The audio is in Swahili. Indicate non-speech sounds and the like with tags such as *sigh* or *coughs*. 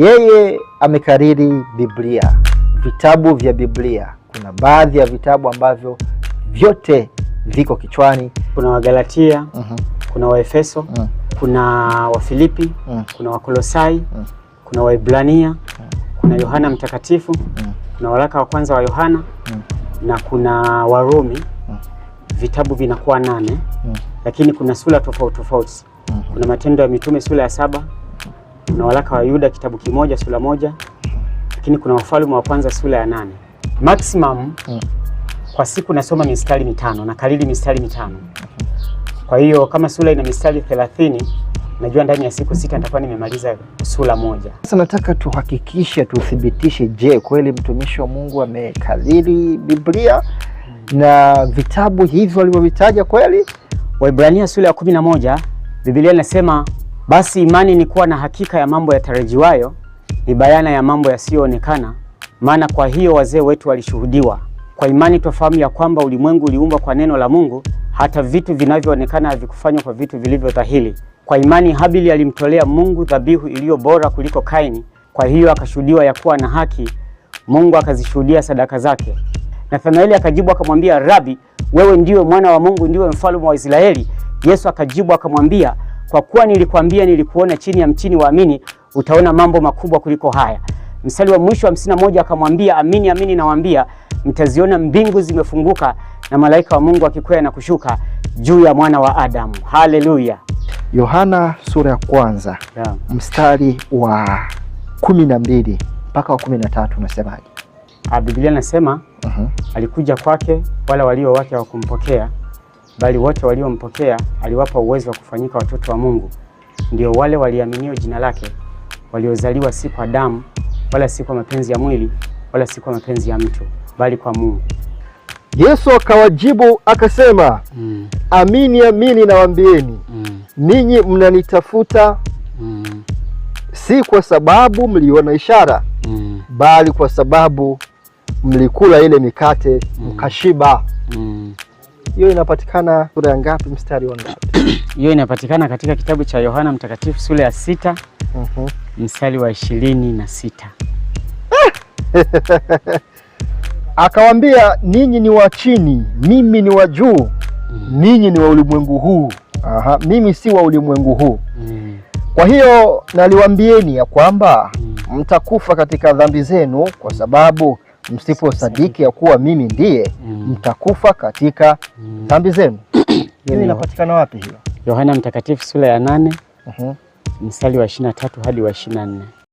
Yeye amekariri Biblia, vitabu vya Biblia. Kuna baadhi ya vitabu ambavyo vyote viko kichwani. Kuna Wagalatia, mm -hmm. kuna Waefeso, mm kuna Wafilipi, mm kuna Wakolosai, mm kuna Waebrania, mm kuna Yohana Mtakatifu, mm kuna waraka wa kwanza wa Yohana, mm na kuna Warumi, mhm. vitabu vinakuwa nane, mm lakini kuna sura tofauti tofauti, mm -hmm. kuna Matendo ya Mitume sura ya saba kuna waraka wa Yuda kitabu kimoja sura moja, lakini kuna Wafalme wa Kwanza sura ya nane. Maximum mm. kwa siku nasoma mistari mitano na kalili mistari mitano. Kwa hiyo kama sura ina mistari 30 najua ndani ya siku sita nitakuwa nimemaliza sura moja. Sasa nataka tuhakikishe, tuthibitishe, je, kweli mtumishi wa Mungu amekadhiri Biblia mm. na vitabu hivyo alivyovitaja kweli? Waibrania sura ya kumi na moja Biblia inasema basi imani ni kuwa na hakika ya mambo yatarajiwayo, ni bayana ya mambo yasiyoonekana. Maana kwa hiyo wazee wetu walishuhudiwa. Kwa imani twafahamu ya kwamba ulimwengu uliumbwa kwa neno la Mungu, hata vitu vinavyoonekana havikufanywa kwa vitu vilivyo dhahiri. Kwa imani Habili alimtolea Mungu dhabihu iliyo bora kuliko Kaini, kwa hiyo akashuhudiwa ya kuwa na haki. Mungu akazishuhudia sadaka zake. Nathanaeli akajibu akamwambia, Rabi, wewe ndiwe mwana wa Mungu, ndiwe mfalme wa Israeli. Yesu akajibu akamwambia kwa kuwa nilikwambia nilikuona chini ya mtini wa amini, utaona mambo makubwa kuliko haya. Mstari wa mwisho wa hamsini na moja akamwambia, amini amini nawaambia, mtaziona mbingu zimefunguka na malaika wa Mungu akikwea na kushuka juu ya mwana wa Adamu. Haleluya! Yohana sura ya kwanza yeah, mstari wa kumi na mbili mpaka wa kumi na tatu unasemaje? Ah, Biblia nasema, uh mhm. -huh. Alikuja kwake wala walio wake hawakumpokea bali wote waliompokea aliwapa uwezo wa kufanyika watoto wa Mungu, ndio wale waliaminio jina lake, waliozaliwa si kwa damu wala si kwa mapenzi ya mwili wala si kwa mapenzi ya mtu, bali kwa Mungu. Yesu akawajibu akasema, mm. Amini amini nawaambieni, mm. ninyi mnanitafuta, mm. si kwa sababu mliona ishara, mm. bali kwa sababu mlikula ile mikate, mm. mkashiba hiyo inapatikana sura ya ngapi mstari wa ngapi? *clears throat* Hiyo inapatikana katika kitabu cha Yohana Mtakatifu sura ya sita uh mstari wa ishirini na sita *laughs* akawambia, ninyi ni wa chini, mimi ni wa juu mm. ninyi ni wa ulimwengu huu Aha, mimi si wa ulimwengu huu mm. kwa hiyo naliwambieni ya kwamba mm. mtakufa katika dhambi zenu, kwa sababu msiposadiki ya kuwa mimi ndiye mtakufa mm. katika mm. dhambi zenu. *coughs* Hili inapatikana wapi hiyo Yohana Mtakatifu sura ya nane mstari wa 23 hadi wa 24.